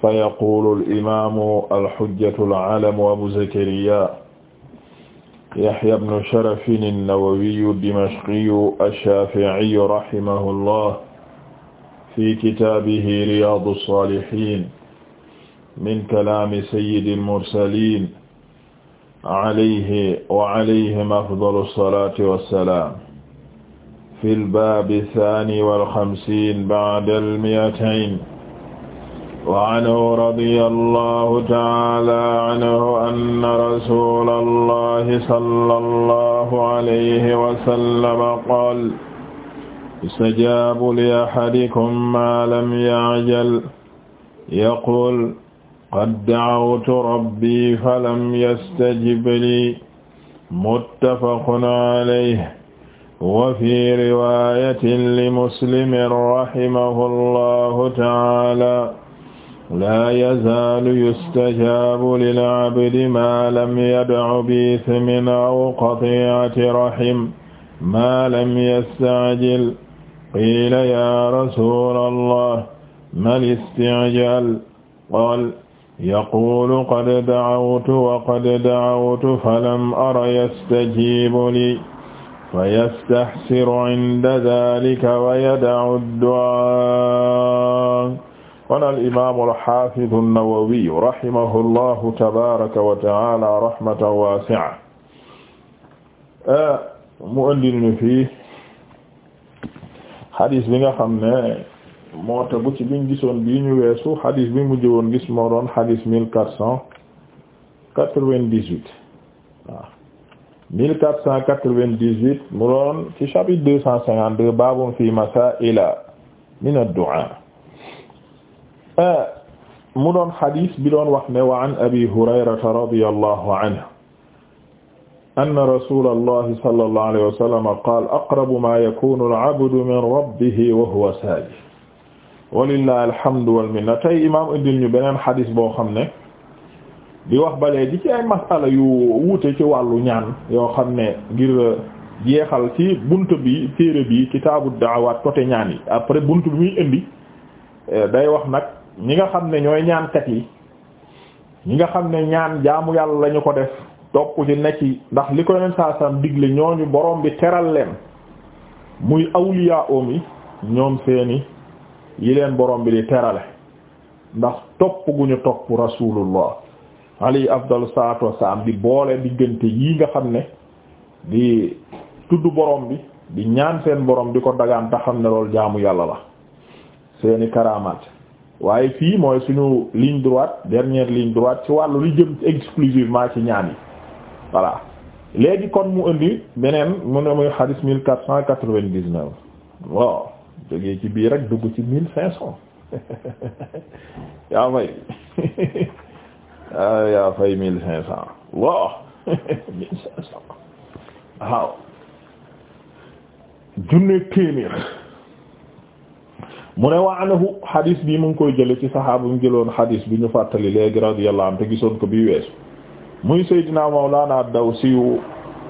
fa yaqulu al-imaamu al-hujjatu al-alamu abu zakariya yahya ibnu sharafin an-nawawiyu ad-dimashqiyu ash-shaafi'iyu rahimahullah fi kitaabihi riyaadu as-saalihiin min kalaami sayyidi al-mursaliin alayhi wa alayhim afdalu as-salaati was-salaam fil baabi ath-thaani wal-khamsiin ba'da al-mi'atayn وعنه رضي الله تعالى عنه أن رسول الله صلى الله عليه وسلم قال يستجاب لأحدكم ما لم يعجل يقول قد دعوت ربي فلم يستجب لي متفق عليه وفي رواية لمسلم رحمه الله تعالى laa yazaalu yustajaabu lil abdi maa lam yad'u bi ismin aw qati'ati rahim maa lam yasta'jil qiila yaa rasuulallah mal isti'jaal qaala yaquulu qad da'awtu wa qad da'awtu falam ara yastajiibu lii fa yastahsiru 'inda dhaalika wa yada'u ad-du'aa kon al imaam al haafiz an-Nawawi rahimahullahu tabaaraka wa mu indi ñu fi hadis bi nga xam ne moo tegu ci biñ gisoon bii ñu weesu hadis mu jëwoon gis moo doon hadis quatre cent quatre-vingt-dix-huit mu doon ci chapitre deux cent cinquante-deux min ad mu doon xadis bi doon wax ne wa an abi hurayrata radiyallahu anhu anna rasulallahi sallallahu alayhi wa sallam qaala aqrabu ma yakunu al-abdu min rabbihi wa huwa saajid walillahi alhamdu wal minna tey imaam indil ñu beneen xadis boo xam ne di wax ba léegi ci ay masala yu wuute ci wàllu ñaan yoo xam ne ngir jeexal ci bunt bi téere bi kitaabu da'awaat côté ñaan yi après bunt bi muy indi eh, day wax nag ñi nga xam ne ñooy ñaankat yi ñi nga xam ne ñaan jaamu yàlla lañu ko def topp ci nekk yi ndax li ko yeneen saa digle ñooñu borom bi teral leen muy awliya oom yi ñoom seeni yi leen borom bi di terale ndax topp gu ñu topp rasulullah alayhi afdalu salaatu wassalaam di boole diggante yi nga xam ne di tudd borom bi di ñaan seen borom di ko dagaan te xam ne loolu jaamu yàlla la seeni karamaat waaye fii mooy suñu ligne droite dernière ligne droite ci wàllu li jëm exclusivement ci ñaan yi voilà léegi kon mu indi beneen mu ne muy xadis mille quatre cent quatre-vingt-dix-neuf waaw jógee ci bii rek dugg ci mille cinq cent yaa fay ah, yaa fay mille cinq cent waaw junne téeméer mu ne wa anhu hadis bi mu ngi koy jële ci bu mu jëloon hadis bi ñu fàttali léegi radiyallahu anhu te gisoon ko bi weesu muy sayyidina mawlana dawsiyu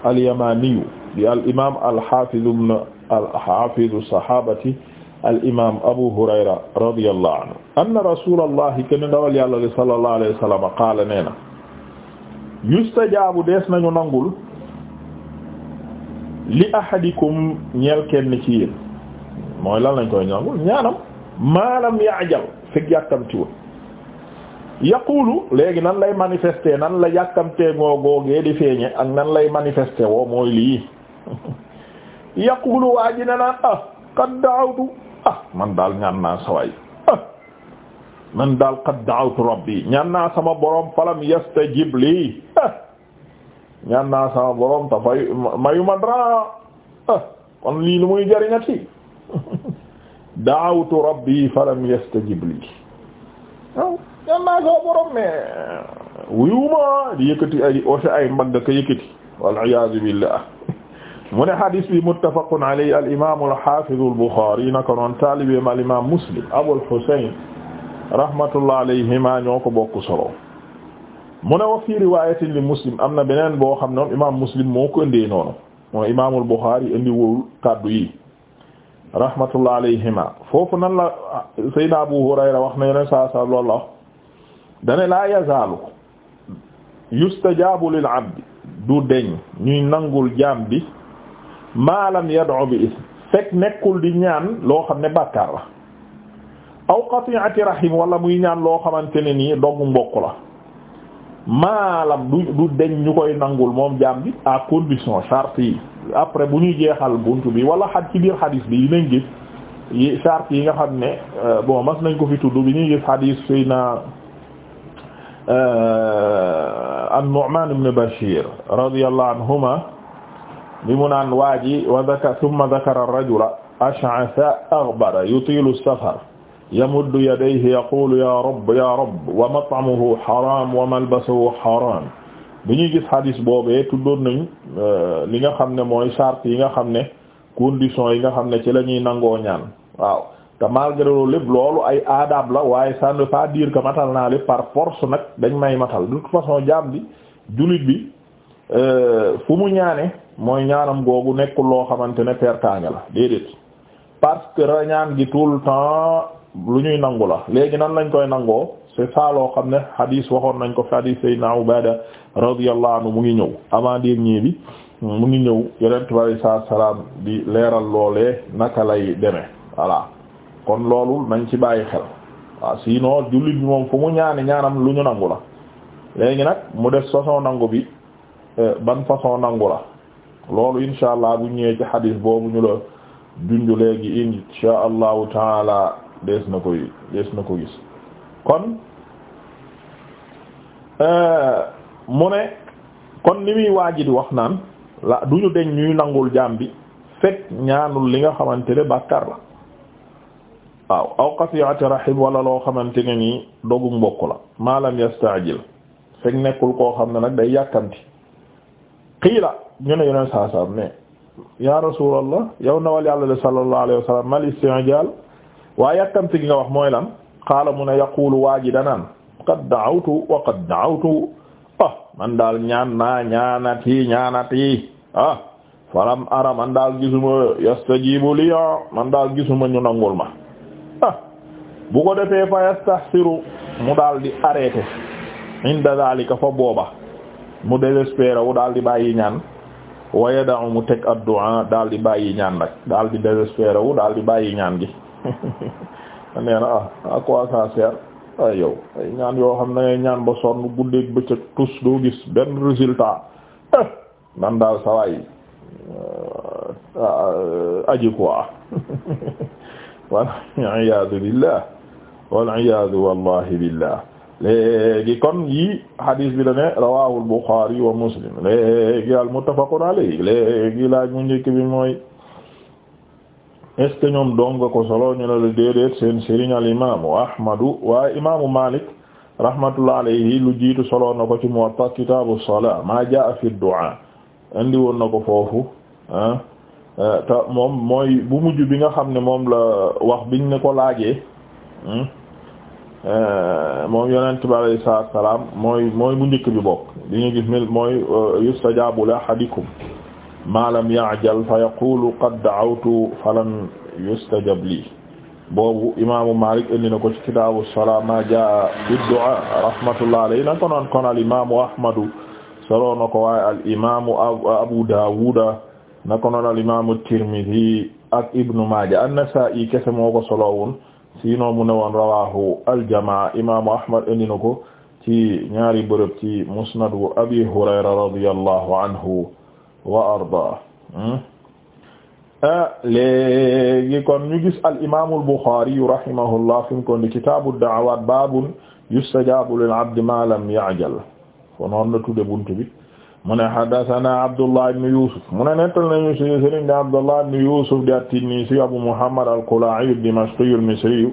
alyamaniyu di al imam alhafidu ibn alhafidu sahabati al imam abu hurayra radiyallahu anhu anna rasulallahi ken ndawal yàlla li sallallahu alayhi wa sallam qaala nee na yustajaabu dees nañu nangul li ahadikum ñeel kenn ci yéen mooy lan lañ koy ñaanal ñaanam maanaam yaajal fekk yàkkamtiwul yaqulu léegi nan lay manifester nan la yàkkamtee ngoo googee feeñe ak nan lay manifester woo mooy lii yaqulu waa ji ah, qad da'awtu ah, man daal ñaan naa saway ah man daal qad da'awtu rabbi ñaan naa sama borom falam yastajib lii ah ñaan naa sama borom ta fay mayu ma dara ah, lii lu muy jariñati da'awtu rabbi falam yastajib li waaw ñaan borom mais wuyuma di ay ose ka yëkkati wal iyaazu billah mu ne hadis bi muttafaqun alayhi al imam al hafiz taalibeem al muslim abul husayn rahmatullah alayhima ñoo ko bokk solo mu am na beneen boo xam ne moom muslim moo ko indee noonu mooy imam al bukhari kaddu yi rahmatullah alayhima foofu nan la Seydina Abu Hurayra wax na yeneen saa saa loolu la yazaalu yustajabu lil abdi du deñ ñuy nangul jaam bi maalam yad'u bi ism fekk nekkul di ñaan loo xam ne bàkkaar la aw qati'ati rahim wala muy ñaan loo xamante ne nii doggu mbokk la maalam du du deñ ñu koy nangul moom jaam bi à condition charte après bu ñuy jeexal buntu bi wala xaj ci biir xadis bi dinañ gis yi charte yi nga xam ne euh, bon mas nañ ko fi tudd bi ñuy gis xadis fii na euh, an-Nu'man ibn Bashir radiyallahu anhuma bi mu naan waa ji wa dhakara thumma dhakara ar-rajula ash'atha aghbara yutilu as-safar yamuddu yadayhi yaqulu ya rabb ya rabb wa mat'amuhu haram wa malbasuhu haram bi ñuy gis xadis boobee tuddoon nañ euh, li nga xam ne mooy charte yi nga xam ne conditions yi nga xam ne ci la ñuy nangoo ñaan waaw te malgré loolu lépp loolu ay adab la waaye ça ne veut pas dire que matal naa lépp par force nag dañ may matal de toute façon jaam bi jullit bi euh, fu mu ñaane mooy ñaanam googu nekkul loo xamante ne pertaange la déedéet parce que rañaan gi tout le temps lu ñuy nangu la léegi nan lañ koy nangoo c'est ça loo xam ne hadis waxoon nañ ko fi hadis Seydina Ubaada radiyallahu anhu mu ngi ñëw avant dernier bi mu ngi ñëw yonent bi alayhi salaam di leeral loolee naka lay demee voilà kon loolu nañ ci bàyyi xel waaw sinon jullit bi moom fu mu ñaani ñaanam lu ñu nangu la léegi nag mu def façon nangu bi eh, ban façon nangu la loolu insha allah bu ñëwee ci hadis boobu ñu la junju léegi insha allahu taala dees na koy dees na ko gis Euh, mu ne kon ni muy waaji di wax naan la du ñu deñ ñuy nangul jaam bi fekk ñaanul li nga xamante ne bàkkaar la waaw aw qati'ati rahim wala loo xamante ne nii dogu mbokk la maalam yasta'jil fekk nekkul koo xam ne nag day yàkkamti qiila ñu ne yoneen saa saam ne ya rasulallah na wal yàlla de sallallahu alayhi wa sallam mal isti'jal waa yàkkamti gi nga wax mooy lan qaala mu ne yaqulu waaji danaan qad da'awtu wa qad da'awtu ah man daal ñaan naa ñaanati ñaanati ah falam ara man daal gisuma yastajibu li ah, man daal gisuma ñu nangul ma ah bu ko defee fa yastahsiru mu daal di arrêté inda zalika fa booba mu désespéré wu daal di bàyyi ñaan wa yada'u mu teg addu'a daal di bàyyi ñaan nag daal di désespéré wu daal di bàyyi ñaan gi nee na ah à quoi ça ay yow ay ñaan yoo xam na ngay ba sonn guddeeg bëccëg tus doo gis benn résultat eh, man daal sawaay euh, euh, aji quoi waliyasu billah waliyasu wallahi billah léegi kon yi hadis bi da Muslim léegi al muttafaqun alayhi léegi laaj mu njëkk bi mooy est-ce que ñoom donga ko solo ñu ne la déedéet seen sëriñ al imaamu ahmadu waaye imaamu malik rahmatullah alayhi lu jiitu solo na ko ci muwatta kitaabu salaa maa jaa fi du'a indi woon na ko foofu ah, moom mooy bu mujj bi nga xam ne moom la wax biñ ne ko laajee hmm, eh, moom yonent bi alayhi salaatu salaam mooy mooy bu njëkk bi bokk di ñu gis mil mooy eh, yustajaabu ahadikum ma lam ya'jal fa yaqulu qad da'awtu falan yustajab li boobu imaamu Malik indi na ko ci kitaabu salaa ma jaa fi du'a rahmatullah alayhi na ko noon kon al imaamu Ahmadu solo na ko waaye al imaamu Abu Daawuda na ko noon al imaamu Tirmidhi ak Ibnu Maaja an-Nasaa'i kese moo ko solo woon sinon mu ne woon rawaahu al jamaa imaamu Ahmad indi na ko ci ñaari bërëb ci musnadu Abi Hurayra radiyallahu anhu wa arda hmm? ah, léegi kon ñu gis al imaamu al Buxaari rahimahullah fi mu kon di kitaabu da'awaat baabun yustajaabu lil abdi maa lam ya'jal kon noonu la tudde buntu bi mu ne haddasanaa Abdullah ibn Yuusuf mu ne nettal nañu si sëriñ di Abdullah ibn Yuusuf di at-Tinnisi Abu Muhammad al-Qalaa'i ad-Dimashqi al-Misri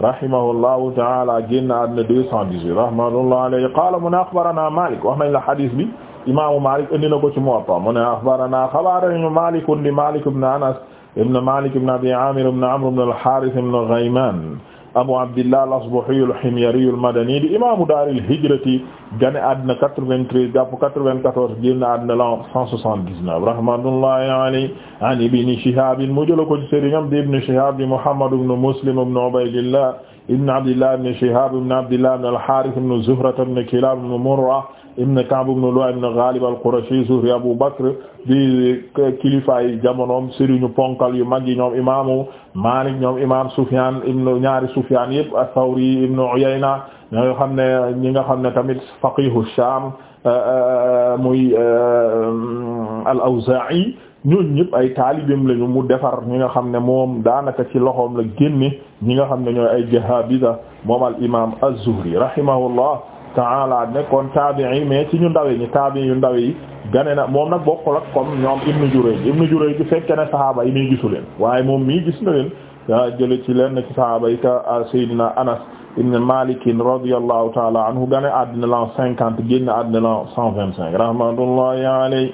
rahimahullahu ta'aala génn àddina 218 rahmatullahi alayhi qaala mu ne axbaranaa Maalik wax nañ la hadiis bi imaamu Malik indi na ko ci Muwatta mu ne axbarana xabaranañu malikun di Malik ibn Anas ibn Malik ibn Abi Amir ibn Amr ibn al-Harith ibn Ghayman Abu Abdillah al-Asbahi al-Himyari al-Madani di imaamu daar al-hijrati gane àddina 93 jàpp 94 génn àddina la 179 rahmatullahi alayhi an Ibn Shihab mu jël ko ci sëriñam di Ibn Shihab di Muhammad ibn Muslim ibn Ubaydillah ibn Abdillah ibn Shihab ibn Abdillah ibn al-Harith ibn Zuhra ibn Kilab ibn Murra ibn Ka'b ibn Lu'ay ibn Ghalib al-Qurashi Zuhri Abu Bakr di kilifaay jamonoom sëriñu ponkal yu mag yi ñoom imaamu Malik ñoom imam Sufyan ibn ñaari Sufyan yëpp ath-Thawri ibn Uyayna ñoo nga xam ne ñi nga xam ne tamit faqihu Sham euh, euh, muy euh, al-Awza'i ñooñu ñëpp ay taalibeem lañu mu defar ñi nga xam ne moom daanaka ci loxoom la génne ñi nga xam ne ñooy ay jahabida moom al imam az-Zuhri rahimahullah ta'ala nekkoon taabi'i mais ci ñu ndawe ñi taabi'i yu ndawe yi gane na moom na bokkul ak comme ñoom Ibnu Jurayj Ibnu Jurayj bi fekke ne sahaaba yi muy gisu leen waaye moom mii gis na leen daa ah, jële ci leen na ci yi ka ah, Seydina Anas ibn Malik radiyallahu ta'ala anhu gane àddina l'an cinquante génn àddina l'an cent vingt-cinq rahmatullahi alayhi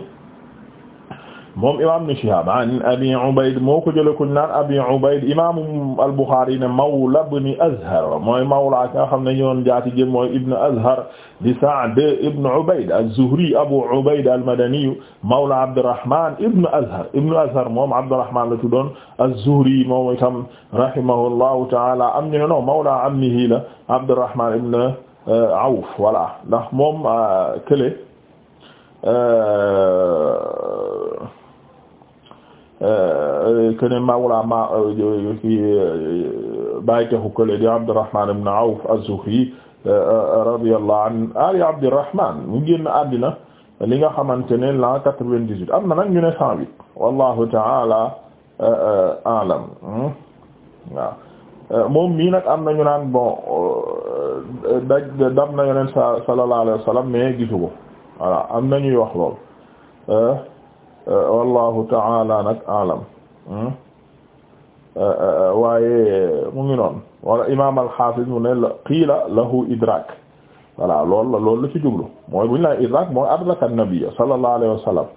moom imaam Ibn Shihab an Abi Ubayd moo ko jëlee ku ñu naan Abi Ubayd imaam al-Bukhari ne mawla ibn Azhar mooy mawla nga xam ne ñoon jaati jëm mooy Ibn Azhar di Sa'd ibn Ubayd az-Zuhri Abu Ubayd al-Madani mawla Abdurrahman ibn Azhar ibn Azhar moom Abdurrahman la tuddoon az-Zuhri moom itam rahimahullahu ta'ala am ñu ne non mawla ammihi la Abdurrahman ibn euh, Awf voilà ndax moom euh, kële. Euh, kene mawla ma fi euh, euh, baytahu kële di Abdurrahman ibn Awf az-Zuhri euh, radiyallahu an ali Abdurrahman mu génn àddina li nga xamante ne la quatre vingt dix am na nag ñu ne cent huit ta'ala a'lam hmm? waaw nag am na ñu naan bon daj dam na yoneen sallallahu alayhi wa sallam gisu ko am na ñuy wax lool Eh, wallahu taala nag alam hmm? eh, eh, waaye mu ngi noonu wala imam al-Hafiz mu ne la qiila lahu idrak voilà loolu la loolu la ci jublu mooy bu ñu la idrak mooy adraka an-nabiyya sallallahu alayhi wa sallam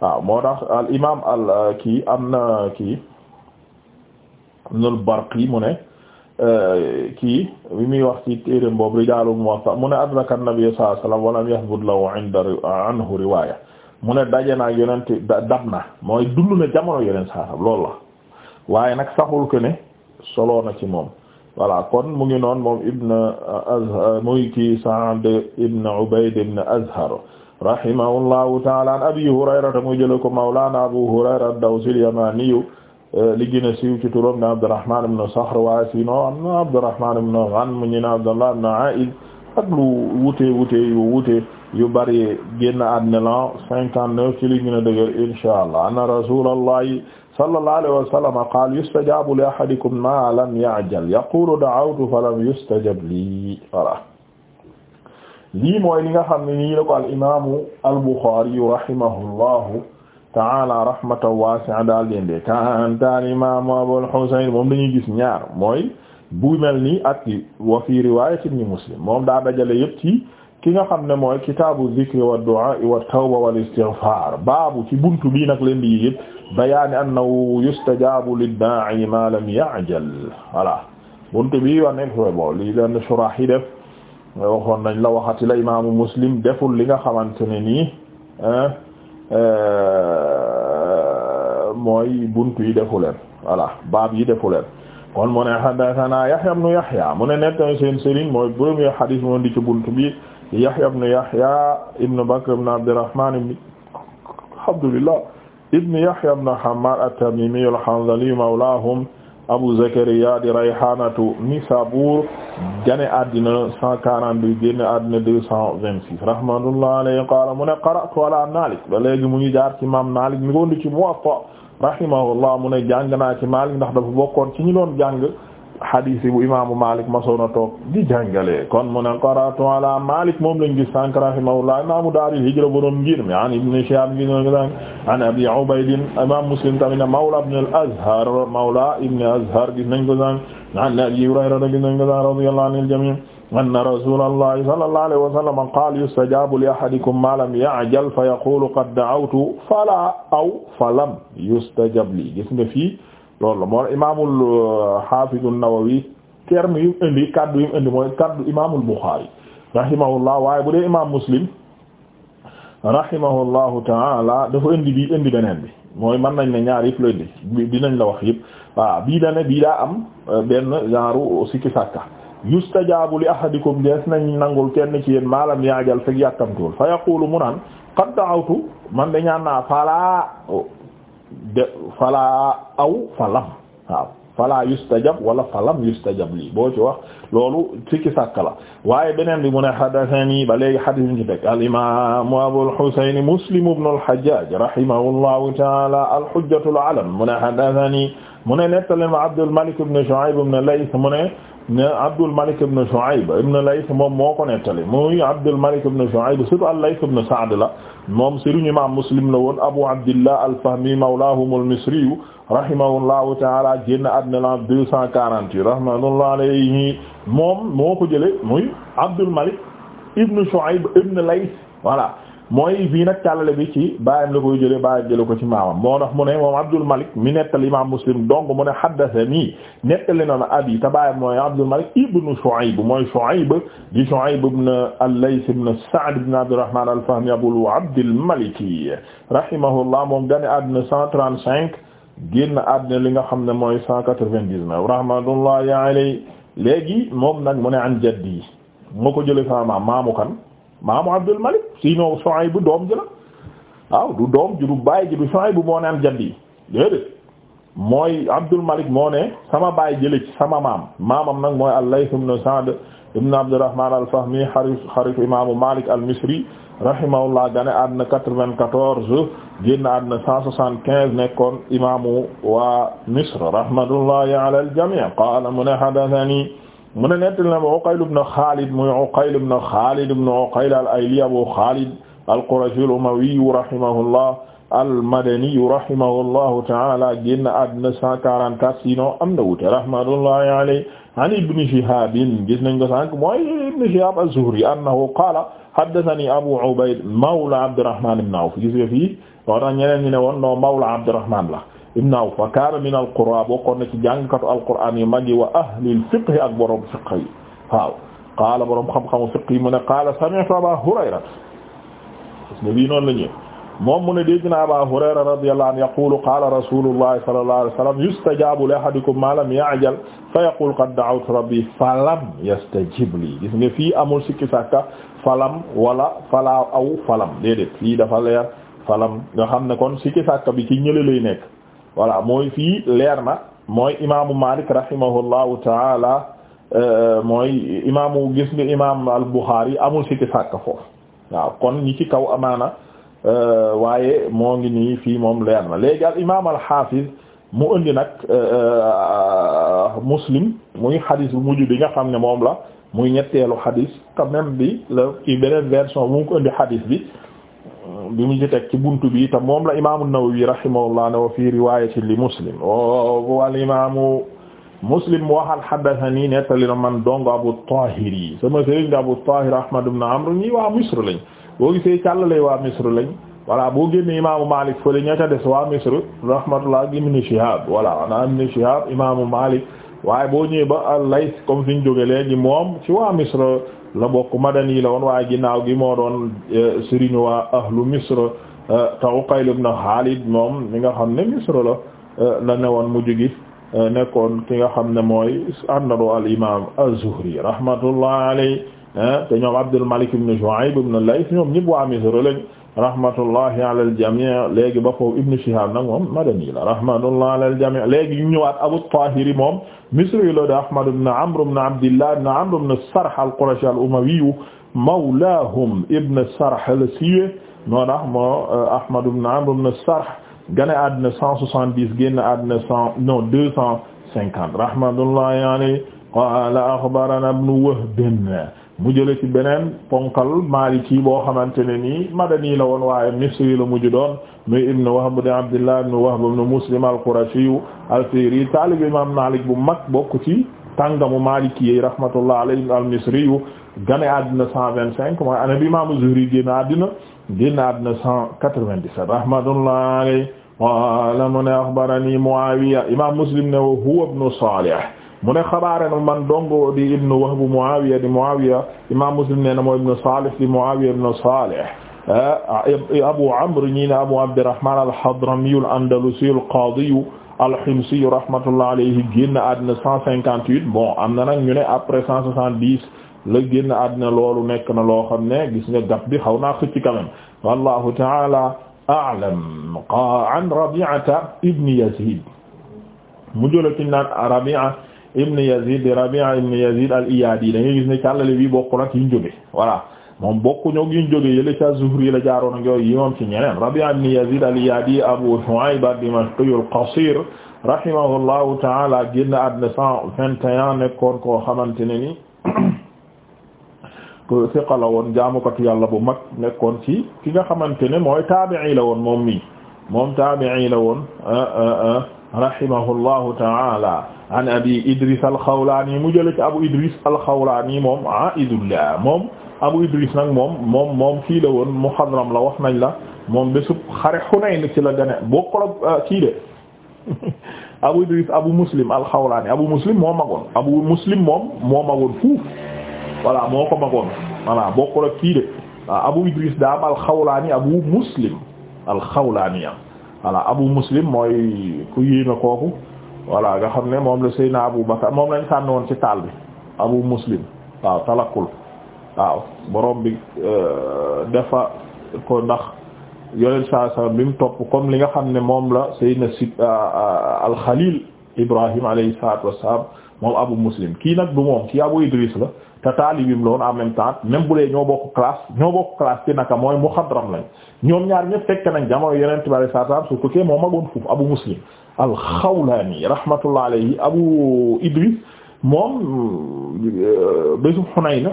waaw moo tax al imam al kii am na kii nul barqi mu ne kii bi muy wax ci téeréem boobu rijaalu muwatta mu ne adraka an-nabiyya sallallahu alayhi wa sallam wa lam yathbut lahu inda anhu riwaaya mu ne daje naa yonent dab na mooy dund na jamono yonent saasam loolu waaye nag saxul ko ne na ci moom voilà kon mu ngi noon moom ibn uh, uh, muy kii Sa'd ibn Ubayd ibn Azhar rahimahullahu taala an Abi Hurayrata muy jële ko mawlana Abu Hurayra ad-Dawsi al-Yamani uh, li gën a siiw ci turam ne Abdurrahman ibn Sakhr waaye si no am na Abdurrahman ibn Ghanm ñi ne Abdullah ibn A'id ak lu wute wute yu wute yu bari génn àddina la cinquante-neuf ci li gën a dëgër inshaa Allah anna rasulallahi sallallahu alayhi wa sallam qaala yustajabu li ahadikum ma lam ya'jal yaqulu da'awtu falam yustajab lii voilà lii mooy li nga xam ne nii la ko al imaamu al Buxaari rahimahullahu ta'ala rahmatan waasi'a daal dende kantaan imaamu Abul Husayn moom dañuy gis ñaar mooy bu mel nii ak wa fi riwaayatin Muslim moom daa dajale yëpp ci ki nga xam ne mooy kitaabu zikri wa du'a wa tawba wal istighfar baabu ci buntu bii nag leen di yëg bayaani annahu yustajabu lid-da'i ma lam ya'jal voilà buntu bii wax ne bon lii leen suraax yi def waxoon nañ la waxati la imaamu muslim deful li nga xamante ne nii euh, mooy buntu yi defu leen voilà baab yi defu kon mu ne haddathana Yahya ibn Yahya mu ne seen sëriñ mooy premier hadith moo di ci buntu bi Yahya ibn Yahya ibn Bakr ibn Abdurrahman ibn Abdullah ibn Yahya ibn Hammar at-Tamimi al-Hanzali mawlahum Abu Zakariya di Rayhanatu Nisabur gane addina 142 génn addina 226 rahmatullahi alayhi qala mu ne qara'tu ala Malik ba léegi mu ngi jaar ci maam Malik mi ngi woon ci Muwatta rahimahullah mu ne jàng naa ci Malik ndax dafa bokkoon ci ñu doon jàng hadis yi bu imaamu Malik masoona toog di jàngale kon mu ne qara'tu ala Malik moom lañ gis sànq rahimahullah imaamu daaril hijra borom ngir mi an ibn Shihab gi an Abi Ubayd imaam Muslim tamit ne mawla ibn al-Azhar mawla ibn Azhar gis nañ ko sànq an Abi Hurayra gis nañ ko sànq radiyallahu anil jami' anna rasulallahi sallallahu alayhi wa sallam qaala yustajabu li ahadikum ma lam ya'jal fa yaqulu qad da'awtu fala aw falam yustajab li gis nga fii loolu la moo imaamul xaafizu euh, Nawawi terme yu mu indi kaddu yu mu indi mooy kaddu imaamul Buxaari rahimahullah waaye bu dee imaam Muslim rahimahullahu taala dafa indi bi indi beneen bi mooy man nañ ne ñaari yëpp la indi dinañ la wax yëpp waaw bii da ne bii daa am euh, benn genre sikki sàkka yustajaabu li ahadikum dees nañ nangul kenn ci yéen maalam yaajal fekk yàkkamtuwul fa yaqulu mu naan qad man de ñaan naa de fala aw falam waaw fala yustajab wala falam yustajab lii boo ci wax loolu sikki sàkk la waaye beneen bi mu ne hadathani ba léegi hadis bi ci teg al imam abul husayn muslim ibn al hajjaj rahimahullahu taala al hujjatul alam mu ne hadathani mu ne nettali ma abdul malik ibn shu'ayb ibn layth mu ne ne abdul malik ibn shu'ayb ibn layth moom moo ko nettali muy abdul malik ibn shu'ayb surtout al layth ibn sa'd la moom sëriñ imam muslim la woon abu abdillah al fahmi mawlahum al misri rahimahullahu taala génn àddina la 248 rahmatullahi alayhi moom moo ko jële muy Abdul Malik ibn Shu'ayb ibn Layth voilà mooy fii nag càllale bi ci baayam la koy jële baayam jële ko ci maamam moo tax mu ne moom Abdul Malik mi nettal imaam Muslim donc mu ne haddathanii nettali na na abi te baayam mooy Abdul Malik ibn Shu'ayb mooy Shu'ayb di Shu'ayb ibn al-Layth ibn Sa'd ibn Abdurrahman al-Fahmi Abu Abdil Maliki rahimahullah moom gane àddina 135 génn àddina li nga xam ne mooy 199 rahmatullahi alayhi léegi moom nag mu ne an jaddi moo ko jële sama maam maamu kan maamu Abdul Malik sinon Shuayb bu doom ji la waaw du doom ji du baay ji du Shuayb bu moo ne an jaddi déedéet mooy Abdul Malik moo ne sama baay jële ci sama maam maamam nag mooy al-Layth ibn Sa'd ibn Abdurrahman al-Fahmi xarit xarit imaamu Malik al-Misri rahimahullah gane àddina quatre-vingt-quatorze génn àdduna 175 nekkoon imaamu waa Misr rahmatullahi ala al-jamii qaala mu ne haddathanii mu ne nettali na ma Uqayl ibn Xaalid muy Uqayl ibn Xaalid ibn Uqayl al-Ayli Abu Xaalid al-Qurashi al-Umawi rahimahullah al-Madani rahimahullahu ta'ala génn àdduna 144 sinon am na wuute rahmatullahi alayhi an Ibn Shihab gis nañ ko sànq mooy Ibn Shihab az-Zuhri annahu qaala haddathanii Abu Ubayd mawla Abdurrahman ibn Awf gis nga fii moo tax ñeneen ñi ne woon noo mawla Abdurrahman la ibn Awf wa kaana min al-qurraa bokkoon na ci jàngkatu alquraan yi mag yi wa ahlil fiqh ak borom fiqh yi waaw qaala borom xam-xamu fiqh yi mu ne qaala sami'tu Abaa Hurayra ne bii noonu la ñu moom mu ne dégg naa Abaa Hurayra radiyallahu anhu yaqulu qaala rasuulullahi sallallahu alayhi wa sallam yustajaabu li ahadikum maa lam ya'jal fa yaqul qad da'awtu rabbii falam yastajib lii gis nga fii amul sikki sàkka falam wala falaa aw falam déedéet fii dafa leer falam nga xam ne kon sikki sàkk bi ci ñële lay nekk voilà mooy fii leer na mooy imaamu Malik rahimahullahu taala euh, mooy imaamu gis nga imaam al-Bukhari amul sikki sàkk foofu waaw kon ñi ci kaw amaana euh, waaye moo ngi nii fii moom leer na léegi al imaam al-Hafiz mu indi nag euh, Muslim muy xadis bu mujj bi nga xam ne moom la muy ñetteelu xadis quand même bi la ci beneen version mu indi xadis bi bi mu ci teg ci buntu bi te moom la imaamu Nawawi rahimahullah ne wa fii riwaayatin li muslim o wal imaamu muslim waxal haddathani nettali na man dong Abu Tahir yi sama sëriñ di Abu Tahir Ahmad ibn Amr ñii waa Misr lañ boo gisee càllale waa Misr lañ voilà boo génnee imaamu Malik fële ña ca des waa Misr rahmatullah la Shihab voilà ana ibn Shihab imaamu Malik waaye boo ba al-Layth comme fi ñu jógee léegi moom ci waa Misr la bokk madani la woon waaye ginnaaw gi moo doon e, sëriñu waa ahlu misr e, ta Uqayl ibn Xaalid moom mi nga xam ne misr la e, la ne woon mujj gi nekkoon ki nga xam ne mooy àndandoo al imaam az-Zuhri rahmatullah alayhi te ñoom Abdul Malik ibn Shuayb ibn Layth ñoom ñëpp waa misr lañ rahmatullahi ala al-jami' léegi ba foofu Ibn Shihab nag moom madani la rahmatullahi ala al-jami' léegi ñu ñëwaat Abu Tahir moom Misri la de Ahmad ibn Amr ibn Abdillah ibn Amr ibn Sarh al-Qurashi al-Umawi mawlahum Ibn Sarh la siiwee moo tax moo euh, Ahmad ibn Amr ibn Sarh gane àddina 170 génn àddina 100 non 250 rahmatullahi alayhi qala akhbarana ibn Wahb mu jële ci beneen ponkal maliki boo xamante ne nii madani la woon waaye misri la mujj doon muy ibnu wahb ibn abdillah ibnu wahb ibnu muslim al-qurashi al-fihri taalib imam malik bu mag bokk ci tàngamu maliki yi rahmatullah alayhi al-misri yu gane àddina cent vingt-cinq mooy année bi imam zuhri génn àddina génn àddina cent quatre-vingt-dix-sept rahmatullah alayhi wa la mu ne akhbarani muawiya imam muslim ne wa huwa ibnu salih mu ne xabaare na man dongo di ibnu Wahb Muawiya di Muawiya imam Muslim nee na moo ibnu Salih di Muawiya ibnu Salih eh, Abu Amr ñi ne Abu Abdirrahman al-Hadrami al-Andalusi al-Qadi al-Himsi rahmatullah alayhi génn àddina cent cinquante huit bon am na nag ñu ne après cent soixante dix la génn àddina loolu nekk na loo xam ne gis nga gap bi xaw naa xëcc quand même wallahu ta'ala a'lam an Rabi'ata ibn Yazid mu jël ci naan Rabi'a ibn Yazid di Rabi'a ibn Yazid al-Iyadi da ngay gis ne càllale bi bokk nag yiñ jóge voilà moom bokku ñoo giñ jóge yële ca Zuhri la jaaroon ak yooyu yi moom ci ñeneen Rabi'a ibn Yazid al-Iyadi Abu Shu'ayb ad-Dimashqi al-Qasir rahimahullahu ta'ala génn àddina cent vingt et un nekkoon koo xamante ne ni siqa la woon jaamukatu yàlla bu mag nekkoon ci ki nga xamante ne mooy taabi'i la moom mi moom taabi'i la woon ah, ah, ah. rahimahullahu ta'ala an abi idris alxawlaani mu jële ci abu idris alxawlaani moom aidullah moom abu idris nag moom moom moom kii la woon muxadram la wax nañ la moom bésub xare Hunayn ci la gane bokkul ak ah, kii de abu idris abu muslim alxawlaani abu muslim moo magoon abu muslim moom moo magoon fuuf voilà moo ko magoon voilà bokkul ak kii de ah, abu idris daam alxawlaani abu muslim alxawlaani am voilà abu muslim mooy ku yéeme kooku voilà nga xam ne moom la Seydina Abu Bakar moom lañ sànni woon ci taal bi abu muslim waaw talakul waaw borom bi euh, defa ko ndax yonent saa sallam bi mu topp comme li nga xam ne moom la Seydina si euh, euh, alxalil Ibrahim alayhi salaatu wassalaam moom abu muslim kii nag du moom kii abu idris la te taalibim loonu en même temps même bu dee ñoo bokk classe ñoo bokk classe ci naka mooy muxadram lañ ñoom ñaar ñëpp fekk nañ jamono yeneen bari saa saa surtout que moo magoon foofu abu muslim alxawlaani rahmatullah alayhi abu idris moom euh, bésub Hunayn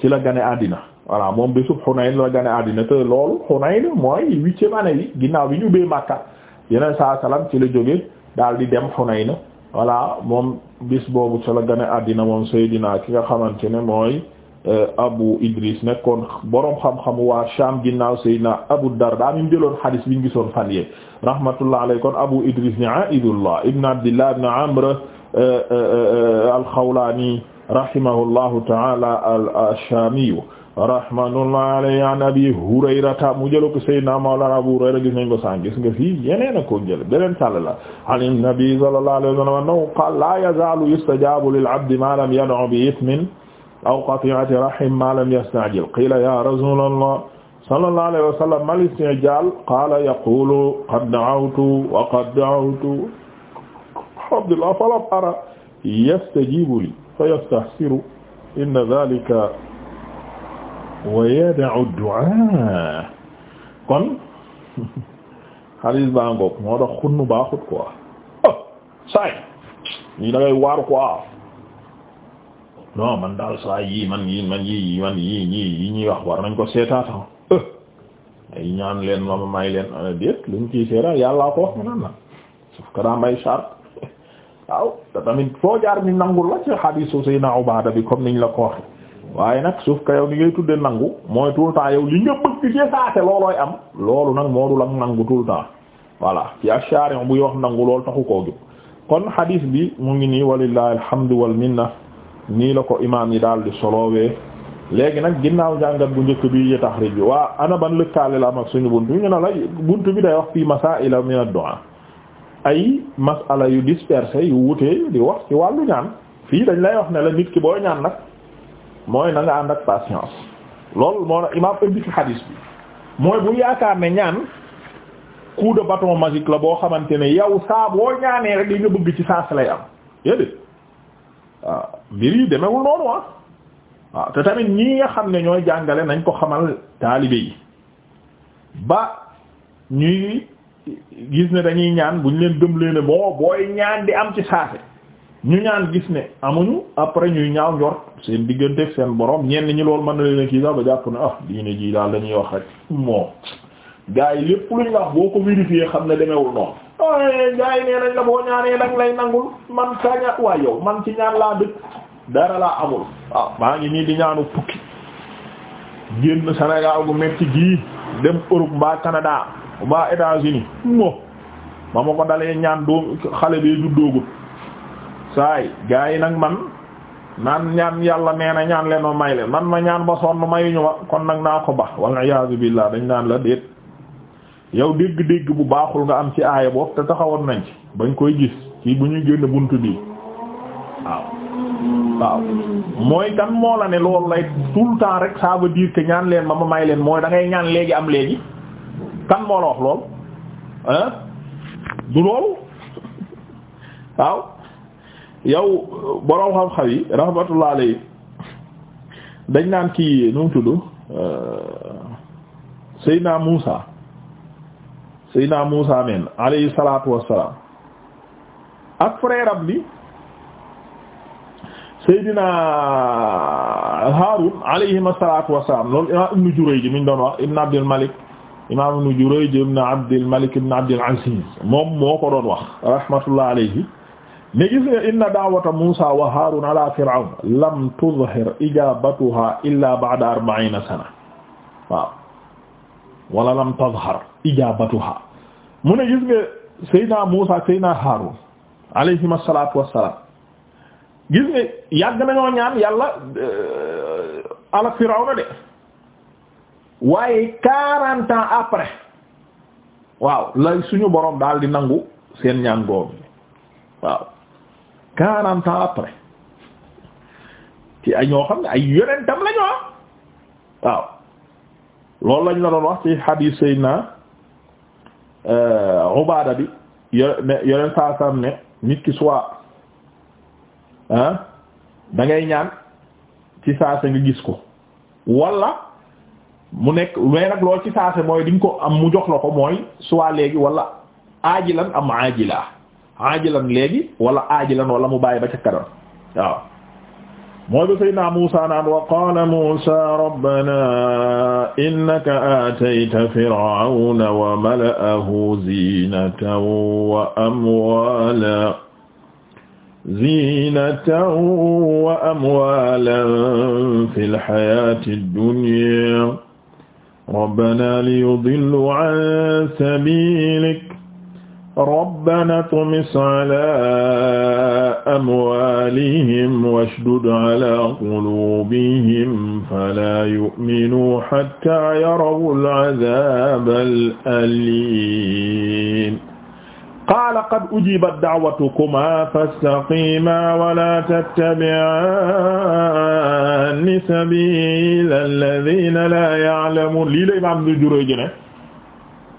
ci la gane àddina voilà moom bésub Hunayn la gane àddina te loolu Hunayn mooy huitième année yi ginnaaw bi ñu bee Makka yeneen saa salaam ci la jóge daal di dem Hunayn voilà moom bis boobu ca la gane àddina moom Seydina ki nga xamante ne mooy eh, Abu Idris nekkoon boroom xam-xamu waa Sham ginnaaw Seydina Abu Darda mi jëloon xadis bi ñu gisoon fan yee rahmatullah alayhi kon Abu Idris ni Aidullah ibn Abdillah ibn Amr eh, eh, al-Khawlani rahimahullahu al-Shamiyu rahmatullahi alayhi an abi hurayrata mu jëlo ko sayyidina mawlana abu hurayra gis nañ ko san gis nga fii yeneen a ko jël beneen sàll la an nabi sallallahu alayhi wa sallam annahu qaala la yazalu yustajabu lil abdi ma lam yad'u bi ithmin aw qati'ati rahim ma lam yasta'jil qila ya rasulallah sallallahu alayhi wa sallam mal istijal qala yaqulu qad da'awtu wa qad da'awtu abdullah falam ara yastajibu li fa yastahsiru inna dhalika wa yada'u du'a kon xaalis baa ngoog moo tax xunnu baaxut quoi oh, saay lii da ngay waaru quoi non man daal saa yii man yii man yii man yii yii yi ñuy wax war nañ ko seetaatan ah. eh, ay ñaan leen ma may leen ana déet luñ ciy seera yàllaa ko wax ma naan na suuf ka daa may chart waaw te tamit foo jaar mi nangul la ci hadiisu Seydina Ubaada bi comme niñ la ko waxe waaye nag suuf ka yow ni ngay tudde nangu mooy tout le yow li nga bëgg ci saate loolooy am loolu nag moo dul ak nangu tout le temps voilà ci asharion buy wax nangu lool taxu koo jóg kon hadith bi mu ngi nii walillahi alhamdu wal minna nii la ko imaam yi daal di solowee léegi nag ginnaaw jàngat bu njëkk bi yi taxrij bi waa ana ban lëkkaale la am ak suñu buntu ñu ne la buntu bi day wax fii masaa'ila min ad-du'a ay masala yu dispersé yu wutee di wax ci wàllu ñaan fii dañ lay wax ne la nit ki booy ñaan mooy na nga ànd ak patience loolu moo tax imaam indi fi xadiis bi mooy bu yaakaar ne ñaan coup de bâton magique la boo xamante ne yow saaboo ñaanee rek yi nga bëgg ci saa lay am déedéet waaw mbir demewul noonu ah waaw te tamit ñi nga xam ne ñooy jàngale nañ ko xamal taalibe yi ba ñuy gis ne dañuy ñaan buñ leen gëm leen ne booy ñaan di am ci saase ñu ñaan gis ne amuñu après ñuy ñaaw njort seen diggante seen borom ñenn ñi loolu man na leen a kii sax ba jàpp ne ah diine ji daal la ñuy wax rek moo gars lépp luñ wax boo ko vérifié xam ne demeewul noonu. ay eh, gars nañ la boo ñaanee nag lay nangul man saa ña yow man ci ñaan laa dëkk dara laa amul. waaw ah, maa ngi nii di ñaanu tukki génn Sénégal gu metti gii dem Europe mbaa Canada mbaa États-Unis moo ma ma ko dalee ñaan doom xale bee juddoogul. saay gars yi nag man naan ñaan yàlla nee na ñaan leen ma may leen man ma ñaan ba sonn mayuñu ma kon nag naa ko bax wal iyaazu billaah dañ naan la déet yow dégg-dégg bu baaxul nga am ci aaya boobu te taxawoon nañ ci bañ koy gis ci bu ñuy génn buntu bii waaw waaw mooy kan moo la ne loolu lay tout le temps rek ça veut dire ñaan leen ma ma may leen mooy da ñaan léegi am léegi kan moo la wax lool ah du loolu waaw yow borom xam-xam yi rahmatullah alayhi dañ naan kii nu mu tudd euh, Seydina Muusa Seydina Muusa men alayhi salaatu wassalaam ak frère am bi Seydina Haarun alayhi salaatu wassalaam loolu imaam Ibnu Jurayj mi ñu doon wax Ibnu Abdul Malik imaam Ibnu Jurayj ibnu Abdul Malik ibnu Abdul Aziz moom moo ko doon wax rahmatullah alayhi mais gis nga inna daawata Muusa wa Haarun ala Fir'awn lam tuzhir ijaabatuha illa ba'da arba'iina waaw wala lam tazhar ijaabatuha mu ne gis nga Seydina Muusa Seydina Haarun alayhima euh, ala Fir'awn de waaye quarante ans après waaw lay suñu borom daal di nangu seen ñaan googu quarante après ci ay ñoo xam ne ay yonentam la ñu ah. waaw loolu lañ la doon wax ci hadith Seydina euh, Ubaada bi yonent saa sam ne nit ki soit ah ngay ñaan ci saase nga gis ko wala mu nekk mais nag lool ci saase mooy di nga ko am mu jox la ko mooy soit léegi wala aajilan am aajilaa aajilan léegi wala aajilan wala mu bàyyi ba ca kanam waaw mooy ba sayyidina Muusaa naan wa qaala Muusaa rabbanaa innaka aatayta fir'awna wa mala'ahu ziinatan wa amwaalan ziinatan wa amwaalan fil hayaatid dunyaa rabbanaa liyudillu an sabiilik rabbana tumis ala amwalihim washdud ala qulubihim fala yu'minu hatta yarawu al'azab al'alim qaala qad ujibat da'watukuma fastaqima wala tattabi'anni sabila alladhina la ya'lamun lii la Imaam Ibn Jurayj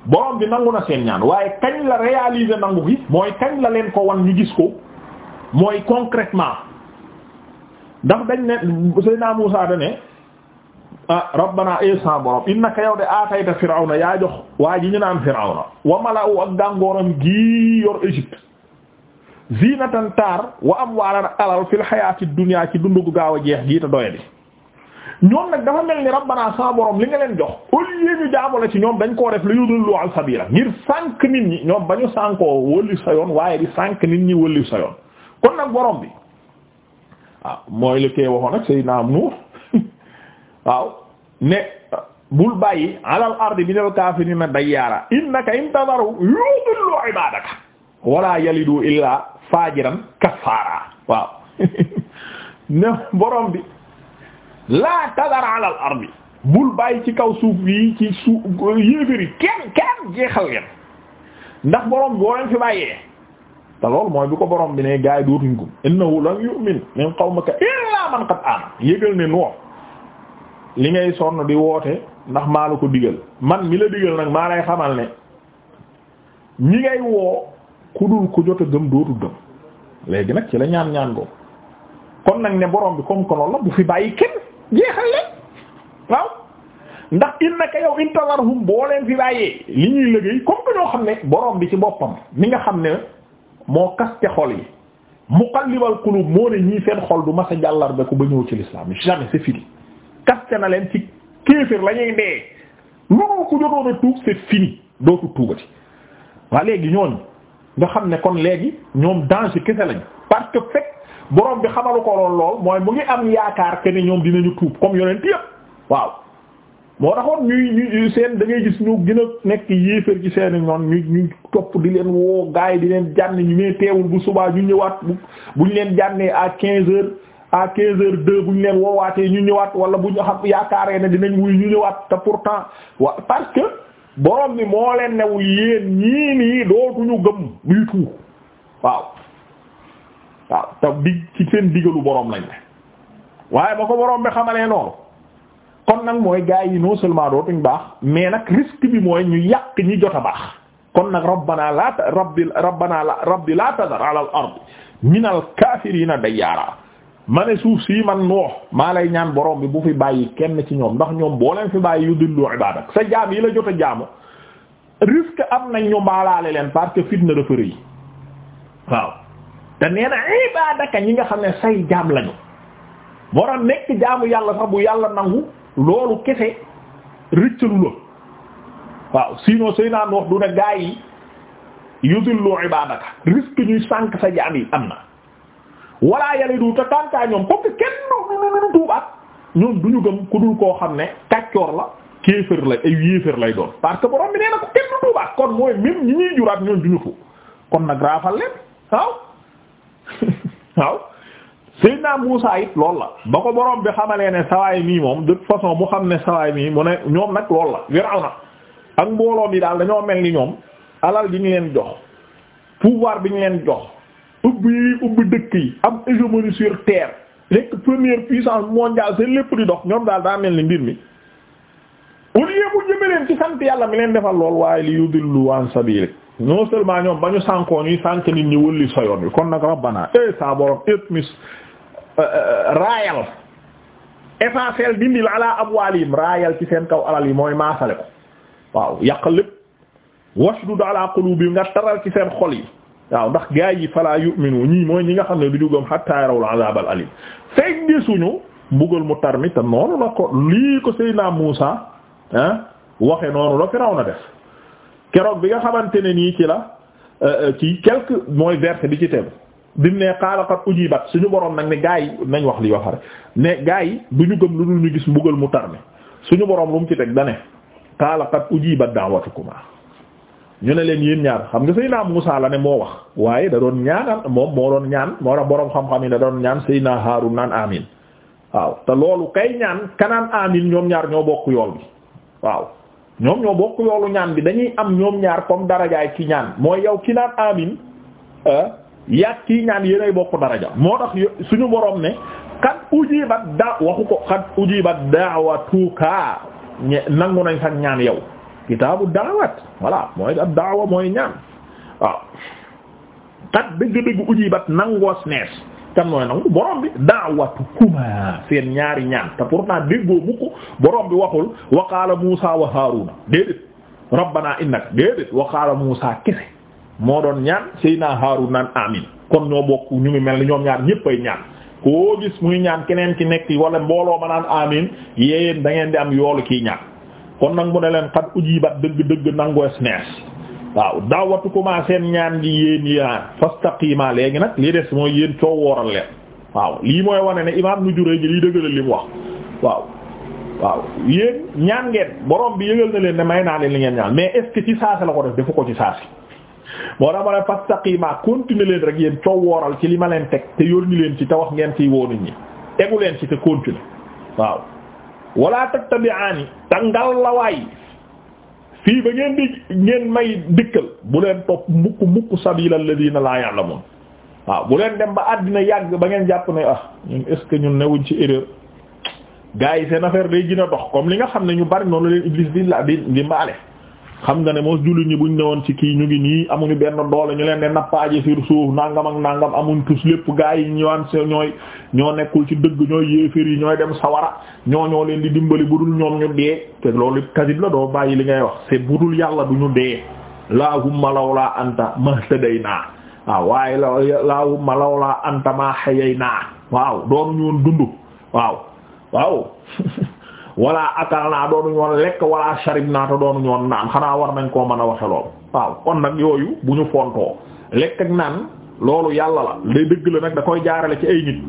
borom bi nangu na seen ñaan waaye kañ la réaliser nangu gi mooy kañ la leen ko wan ñu gis ko mooy concrètement ndax dañ ne Seydina Muusaa da ne ah rabbana esan eh, borom innaka yow de aatayta firawna yaa jox waa ji ñu naan firawna wa mala'u ak gàngooram gii yor Égypte zinatan taar wa amwaalan alal fil hayaatid dunyaa ci dundu gu gaaw a jeex gii te doye bi ñoom nag dafa mel ni rabbana sa borom li nga leen jox au lieu ñu jaamu la ci ñoom dañ koo def li yudullu al sabila ngir sànq nit ñi ñoom ba ñu sànkoo wëlli waaye di sànq nit ñi wëlli sa kon nag borom bi waaw mooy li koy waxoon nag Seydina Nuux waaw ne bul bàyyi alal ardi minal kaafiriina dayyaara innaka intazaru yudillu ibaadaka wala yalidu illaa faajiran kaffaara waaw ne borom bi laa tadar ala al bul bàyyi ci kaw suuf yi ci suuf yéeféri kenn kenn jeexal leen ndax borom boo leen fi bàyyee te loolu mooy bi ko borom bi ne gaa yi dootuñ ko innahu lam yu'min min qawmika illa man qad aman yëgal ne noo li ngay sonn di woote ndax maa la ko digal man mi la digal nag maa lay xamal ne ñi ngay woo ku dul ku jot a gëm dootu gëm léegi nag ci la ñaan ñaan ko kon nag ne borom bi comme que loolu la bu fi bàyyi kenn jeexal leen waaw ndax innaka yow in tadarhum boo leen fi bàyyee li ñuy liggéey comme que ñoo xam ne borom bi ci boppam mi nga xam ne moo kaste xol yi muqallibal qulub moo ne ñii seen xol du masa jàllar ba ko ba ñëw ci l'islam jamais c'est fini kaste na leen ci kéefër la ñuy dee loolu ku jotoon a tuub c'est fini dootu tuubati waa léegi ñooñu nga xam ne kon léegi ñoom danger kese lañ parce que fekk borom bi xamalu ko lool lool mooy mu ngi am yaakaar ke ne ñoom dinañu tuub comme yonent yëpp waaw moo taxoon ñuy ñu seen da ngay gis ñu gën a nekk yéeféer ci seeni ñoon ñu ñu topp di leen woo gaay di leen jànn ñu mee teewul bu subaa ñu ñëwaat buñ leen jànnee à quinze heures à quinze heures deux buñ leen woowaatee ñu ñëwaat wala ñu xam yaakaaree na dinañ wuy ñu ñëwaat te pourtant wa parce que borom bi moo leen newul yéen ñii nii dootuñu gëm buy waaw te dig ci seen digalu borom lañ ne waaye ba ko borom bi xamalee loolu kon nag mooy gaa yi non seulement baax mais nag risque bi mooy ñu yàq ñi jot a baax kon nag rabbana la rabbi la rabbi la tadar ala al ard min al kafirina dayyaara ma ne suuf sii man noox maa lay ñaan borom bi bu fi bàyyi kenn ci ñoom ndax ñoom boo leen fi bàyyi yu dillu ibadak sa jaam yi la jot a jaamu risque am nañ ñu mbaalaale leen parce que fitna dafa rëy te nee na ibadaka ñi nga xam ne say jaam lañu moo tax nekk jaamu yàlla sax bu yàlla nangu loolu kese rëccalu la waaw sinon say naan wax du ne gaa yi yudillu ibadaka risque ñuy sànk sa jaam yi am na wala yàlla du te tàntaa ñoom comme que kenn tuubaat ñoom du ñu gëm ku dul koo xam ne kaccoor la kéefër la lay doon parce que borom bi nee ko kenn tuubaat kon mooy même ñi ñuy juraat ñoom du ñu fu kon nag raafal leen waaw Seydina Muusaa it loolu la ba ko borom bi xamalee ne sawaay mii moom de toute façon mu xam ne sawaay mii mu ne ñoom nag loolu la Firawna ak mbooloo mi daal dañoo mel ni ñoom alal ji ñu leen jox pouvoir bi ñu leen jox ubbi yi ubbi dëkk yi am hégémonie sur terre nekk première puissance mondiale seen lépp di dox ñoom daal daa mel ni mbir mi au lieu bu jëme leen ci sant yàlla mi leen defal lool waaye li yudillu an sabilik non seulement ñoom ba ñu sànkoo ñuy sànk nit ñi wëlli sa yoon kon nag rabbana eh saa borom et mis euh, euh, raayal essentiel dindil ala abwaalim raayal ci seen kaw alal yi mooy maasale ko waaw yàq lépp wasdud ala qulubi nga taral ci seen xol yi waaw ndax gaa yi fala yu'minu ñii mooy ñi nga xam ne du ñu gëm hatta yarawul azab al alim mbugal mu tar mi te noonu la ko lii ko Seydina Muusa waxe noonu la Firawna def keroog bi nga xamante ne nii ci la euh, euh, ci quelque mooy verset bi ci tegu bi mu ne qaala qad bat suñu borom nag ne gaa yi nañ wax li waxare ne gaa yi du ñu gëm lu dul ñu gis mbugal mu tar ne suñu borom lu mu ci teg dane qaala qad ujibat da'watukuma ñu ne leen yéen ñaar xam nga Seydina Muusaa la ne moo wax waaye da doon ñaanal moom moo doon ñaan moo tax boroom xam-xam yi da doon ñaan Seydina Haarun naan amin waaw te loolu kay ñaan kanaan amin ñoom ñaar ñoo bokk waaw ñoom ñoo bokk yoolu ñaan bi dañuy am ñoom ñaar comme darajaay ci ñaan mooy yaw ki naan amin ah, yaag kii ñaan yéenay bokk daraja moo tax suñu boroom ne kat ujibat da waxu ko kat ujibat daawatuka nangu nañ sax ñaan yow kitaabu daawat voilà mooy ab daawa mooy ñaan waaw kat dëgg-dëgg ujibat nangoos nees kan mooy nangu borom bi da'watukuma seen ñaari ñaan te pourtant déggoo mukk borom bi waxul waxaala qaala Muusa wa Haaruna déedéet rabbana innaka déedéet wa qaala Muusa kese moo doon ñaan naa Haaruna naan amin kon ñoo bokk ñu ngi mel ni ñoom ñaar ñépp ay ñaan koo gis muy ñaan keneen ki nekk wala mbooloo ma naan amin yéen da ngeen di am yoolu kiy ñaan kon nag mu ne leen qad ujibat dëgg dëgg nangoes nees waaw daaw watu daawatu kuma seen ñaan gi yéen yaan fastaqima léegi nag li des mooy yéen coow wooral leen waaw lii mooy wane ne imaam nu juree ji lii dëggalal li mu wax waaw waaw yéen ñaan ngeen borom bi yëgal na leen ne may naa leen li ngeen ñaan mais est ce ci saasi la ko def defu ko ci saasi moo tax ma ne fastaqima continuer leen rek yéen coow wooral ci li ma leen teg te yónni leen ci te wax ngeen ciy woo nit ñi tegu leen ci te continuer waaw wala tattabi'ani te ngal la fii ba ngeen di ngeen may dikkal bu leen topp mukk mukk sabila alladina la ya'lamun waaw bu leen dem ba àddina yàgg ba ngeen jàpp ne ah ñun est ce que ñun newuñ ci erreur gars yi seen affaire day gën a dox comme li nga xam ne ñu bari noonu leen iblis di la di di mbaale xam nga ne moos jullit ñi buñ woon ci kii ñu ngi nii amuñu benn doole ñu leen ne nappaaje sur suuf nangam ak nangam amuñ tus lépp gaa yi ñëwaan se ñooy ñoo nekkul ci dëgg ñooy yéefér yi ñooy dem sawara ñoo ñoo leen di dimbali bu dul ñoom ñu dee te loolu kasib la doo bàyyi li ngay wax c'est bu dul yàlla du ñu dee laahumma lawla anta naa waaw waaye laahumma lawla anta ma hayaynaa waaw doon ñu woon dund waaw waaw wala akalnaa doonuñu woon lekk wala sharibnaa te doonuñu woon naan xanaa war nañ koo mën a waxe lool waaw kon nag yooyu bu ñu fontoo lekk ak naan loolu yàlla la day dëgg la nag da koy jaarale ci ay nit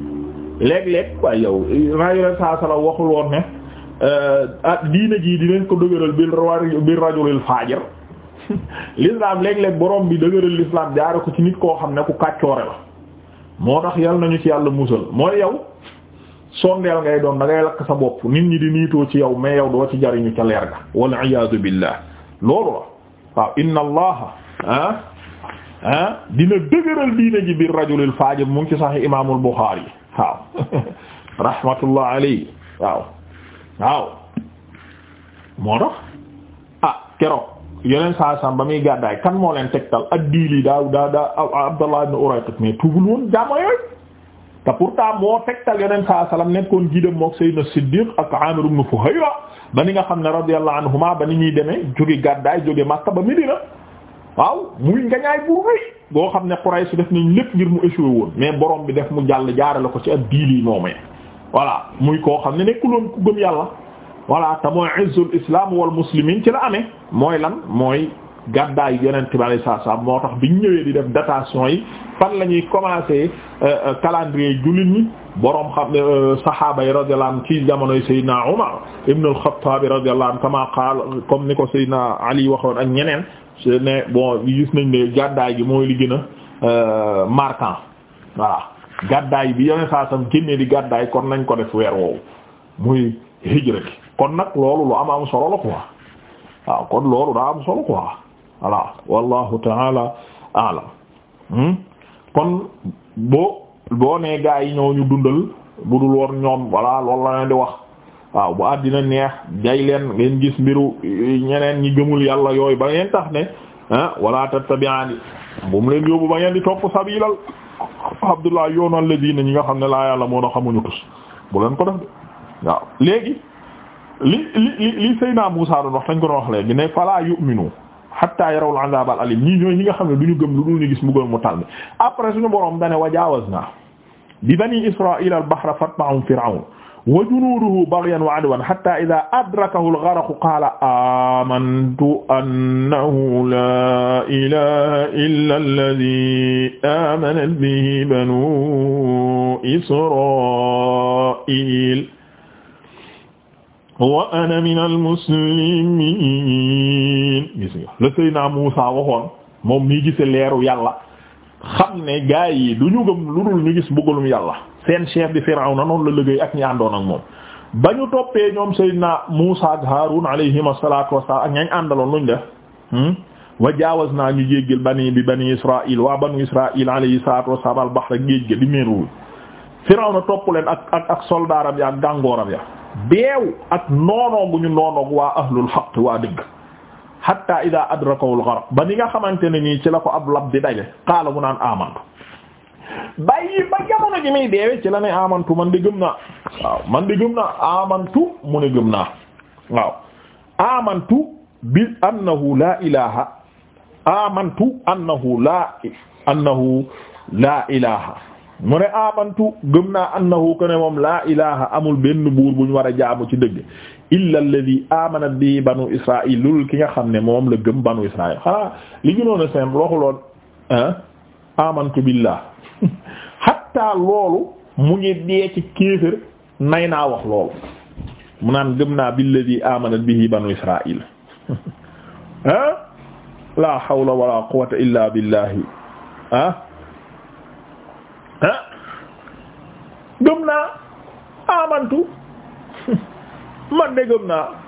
léeg-léeg waaye yow rajo saa sala waxul woon ne euh, ah diine jii dinañ ko dëgëral bi bi rajulil faajir l'islam léeg-léeg borom bi dëgëral l'islam jaare ko ci nit koo xam ne ku kàccoore la moo tax yal nañu ci yàlla musal mooy yow sondeel ngay doon na ngay lakk sa bopp nit ñi di niitoo ci yow mais yow doo ci jariñu ca leer ga wal iyaadu billah loolu la waaw inna allaha ah ah dina dëgëral diine ji biir rajulil faajir mu sax imaamul Buxaari waaw rahmatullah moo tax ah keroog yeneen saa ba muy gàddaay kan moo leen tegtal ak diili daa daa Abdallah ibn Urayqit mais tuubul woon jaamo yooyu te pourtant moo tegtal yonent saa salaam nekkoon giidam mook Seydina Siddiq ak Amir ibn Fuhayra ba ni nga xam ne radiyallahu anhuma ba ni ñuy demee jóge gàddaay jóge Makka ba Medina waaw muy ngañaay bu rëy boo xam ne Quraysh def nañ lépp ngir mu échoué woon mais borom bi def mu jàll la ko ci ab diili moomee voilà muy koo xam ne nekkuloon ku gëm yàlla voilà te mooy izzul islam wal muslimin ci la amee mooy lan mooy gàddaay yonent bi alayhi salaam moo tax biñ ñëwee di def datation yi fan lañuy ñuy commencer euh, euh, calendrier jullit ñi boroom xam euh, sahaaba yi radiyallahu anhum ci jamonoy Seydina Umar ibn al ni ko Seydina Ali waxoon ak ñeneen ne bon gis nañ ne gàddaay gi mooy li gën a marquant voilà gàddaay bi yonent saa di gàddaay kon nañ ko def weer woowu muy kon nag loolu lu am solo la waaw kon loolu daa am solo quoi voilà wallahu taala alam hmm? kon boo boo nee gaa yi ñoo ñu dundal budul woon ñoom voilà loolu la leen di wax waaw bu àddina neex jay leen ngeen gis mbiru eh, ñeneen ñi gëmul yàlla yooyu ba ngeen tax ne ah wala bu mu leen yóbbu ba ngeen di topp sabilal abdullah yoonal la diine ñi nga xam ne laa yàlla moo na xamuñu tus bu leen ko def de waaw léegi li li li li Seydina Muusaa doon wax dañ ko doon wax léegi ne falaa yu'minu hatta yarawul azab al alim ñii ñooy ñi nga xam ne du ñu gëm lu dul ñu gis mbugal mu tàll après suñu borom dane wa jaawazna bi bani israil al bahra fatma'um fir'aun wa junuuduhu baghyan wa adwan hatta idha adrakahu al gharaqu qaala amantu annahu la ilaha illa alladhi amanat bihi banu israil wa ana minal muslimin gis la Seydina Muusa waxoon moom mii gise leeru yàlla xam ne gaa yi du ñu gëm lu dul ñu gis mbugalum yàlla seen chef di Firawna noonu la liggéey ak ñi àndoon ak moom ba ñu toppee ñoom Seydina Muusa ak Haarun alayhim asalatu wasalam ak ñañ àndaloon luñ def hmm? wa jaawaz naa ñu jéggal bani bi bani Israil waa banu Israil al bahra géej ga di méeru Firawna topp leen ak ak ak soldaaram ya ak gàngooram ya beew ak noonoo gu ñu noonoo waa ahlul xaq waa dëgg hatta ida adrakawul gharq ba ni nga xamante ne nii ci la ko ab lab di qaala mu naan amantu bàyyi ba jamono ji muy deewe ci la ne amantu man di gëm naa man di gëm naa amantu mu ne gëm naa waaw amantu bi la ilaha mu ne amantu gëm naa annahu ko ne moom laa ilaha amul benn buur buñ war a jaamu ci dëgg illa alladhi amana bi banu israil lul ki nga xam ne moom la gëm banu israil xanaa li gënoon a simple waxuloon amantu billah hatta loolu mu ngi dee ci kéefër nay naa wax loolu mu naan gëm naa billadhi amana bihi banu israil ah la hawla wala quwwata illa billahi ah na naa amantu man de gëm naa